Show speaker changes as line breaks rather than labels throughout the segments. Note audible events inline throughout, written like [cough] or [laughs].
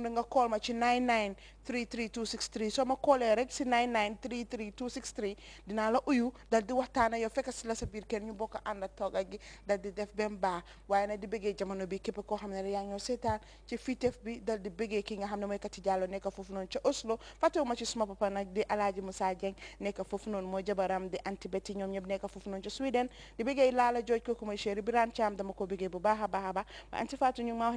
mun nga call ma ci 9933263 soo ma callee rek si 9933263 dinaa la uyu dal di waxtaana yow fekk si la sa biir ñu bokk ànd ak tooga gi dal di def benn baax waaye nag di bëggee jamono bi képp koo xam ne yaa ngi ñoo seetaan ci fiiteef bi dal di bëggee ki nga xam ne mooy Kati Jallow nekk foofu noonu ca Oslo fàttewu ma ci suma papa nag di Alaaji Musa Jeng nekk foofu noonu moo jabaram di a baax a ba anti Fatou ñu ma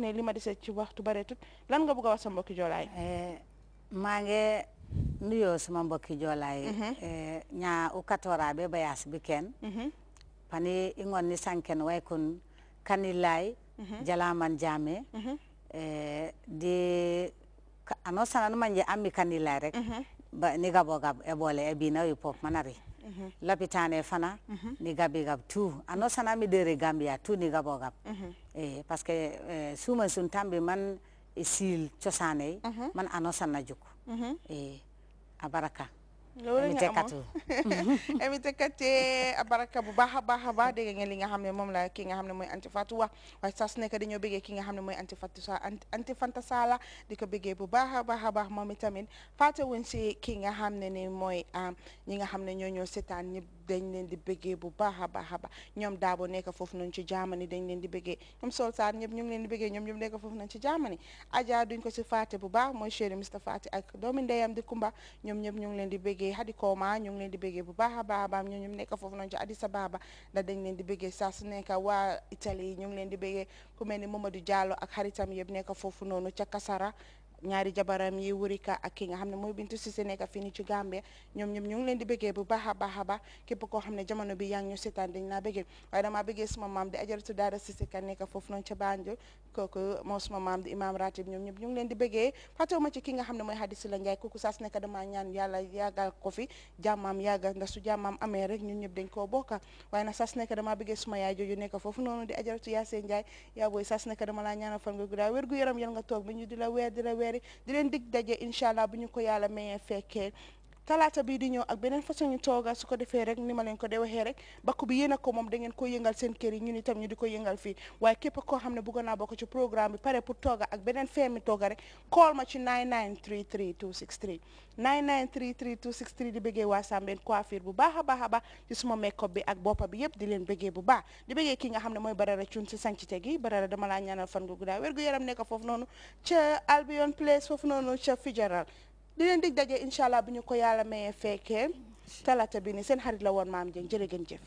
wax sa mbokki joolaay eh, maa ngi sama mbokki joolaay mhm. eh, ñaa u katora be bayas bi mhm. pani i ni sanken way kun kanilay mhm. jalaman jame eh, di ano sananu manje ami kanilay rek ni gabo gab e bole e bina wi pop manari lapitane fana ni gabi gab tu ano sanami dere gambia tu ni gabo gab eh suman sun tambi siil cosaane yi mhm. man ano sanna juk mhm. e, a baraka loolu nga amoon
invité [laughs] katé abaraka bu baax a baax a baax dégg ngeen li nga xam ne moom la ki nga xam ne mooy anti Fatou wax waaye saa su nekk dañoo bëggee ki nga xam ne mooy anti Fatou sa anti Fanta Sala di ko bëggee bu baax a baax a baax moom itamit fàttewuñ si ki nga xam ne ni mooy ah, ñi nga xam ne ñoo ñoo seetaan dañ leen di bëggee bu baax a baax a baax ñoom daabo nekk foofu noonu ci Germany dañ leen di bëggee ñoom Sol Sarr ñëpp ñu ngi leen di bëggee ñoom ñëpp nekk foofu noonu ci Germany Adja duñ ko si bu baax mooy chéri Mr Faati ak doomi ndeyam di Kumba ñoom ñëpp ñu ngi leen di bëggee Hadi Kooma ñu ngi leen di bëggee bu baax a baax a baax ñoom ñëpp nekk foofu noonu ci Addis Ababa da dañ leen di bëggee saa su nekk waa Italie ñu ngi leen di bëggee ku mel ni Mamadou Diallo ak xaritam yëpp nekk foofu noonu Kasara ñaari jabaram yi wurika a ki nga xam ne mooy Bintu Cissé nekk fii ci Gambia ñoom ñoom leen di bëggee bu baax a baax a baax xam ne jamono bi yaa ngi ñu seetaan dañ laa suma maam di imaam ratib ñoom ñëpp leen di bëggee fàttewuma ci xam ne mooy Hadi Sila Njaay kooku saas nekk damaa ñaan yàlla yàggal ko fi jàmmaam yàggal ndax rek ñun ñëpp dañ koo bokka waaye nag saas nekk damaa bëggee suma yaay jooju nekk foofu noonu di ajaratu Yaasee Njaay di leen dig daje incha allah bu ñu ko yàlla mayee fekkee talaata bii di ñëw ak beneen façon ñu tooga su ko defee rek ni ma leen ko de waxee rek bakku bi yéen a ko moom da ngeen ko yëngal seen kër yi ñun itam ñu di ko yëngal fii waaye képp koo xam ne bëgg naa bokk ci programme bi pare pour tooga ak beneen feemi tooga rek call ma ci 9933263 9933263 di bëggee waa Sambeen coiffure bu baax a baax a baax ci suma make-up bi ak boppa bi yépp di leen bëggee bu baax di bëggee ki nga xam ne mooy Barara Cuun si sancite gi Barara dama laa ñaanal fan gu guddaa wér gu yaram nekk foofu noonu ca Albion Place foofu noonu ca Fijaral di leen dig daje incha allah bu ñu ko yàlla mayee fekkee talaata bi ni seen xarit la maam Jeng jërë ngeen jëf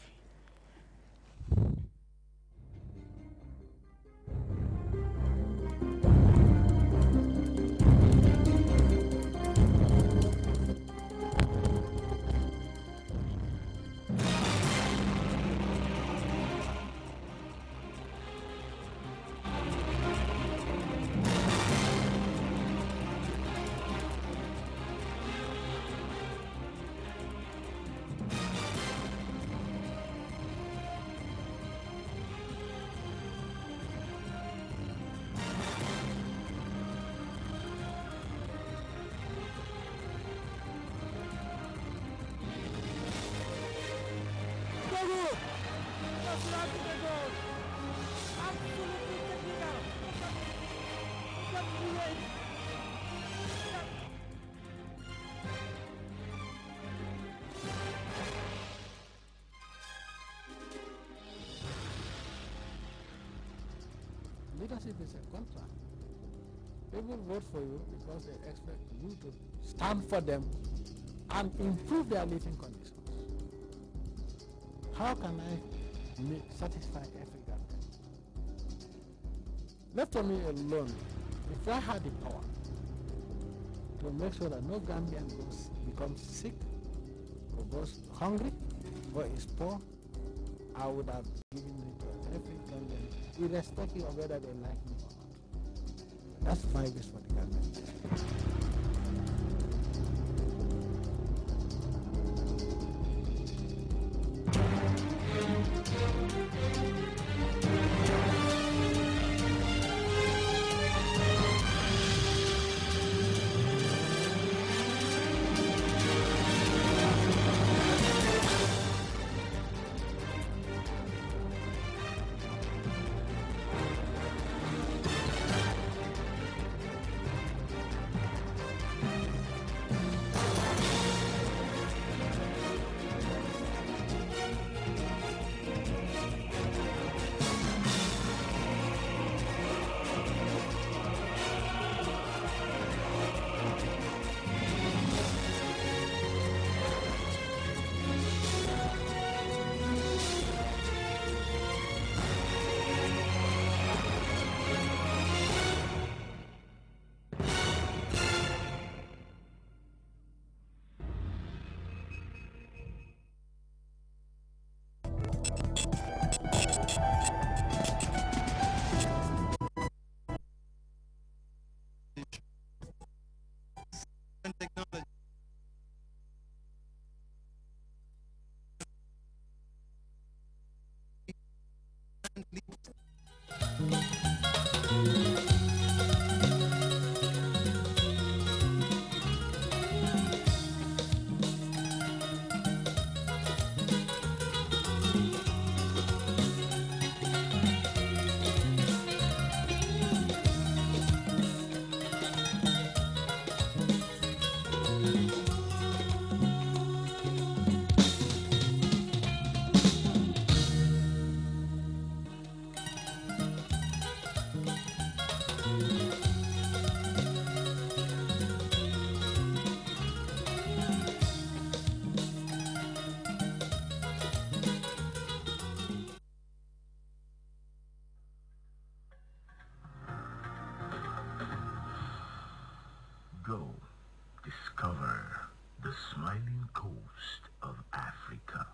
leadership is a contract. People vote for you because they expect you to stand for them and improve their living conditions. How can I make, satisfy every government? Left to me alone, if I had the power to make sure that no Gambian goes, becomes sick, or goes hungry, or is poor, I would have given it to every Gambian irrespective of whether they like me. or not. That's my wish for the government. go discover the smiling coast of Africa.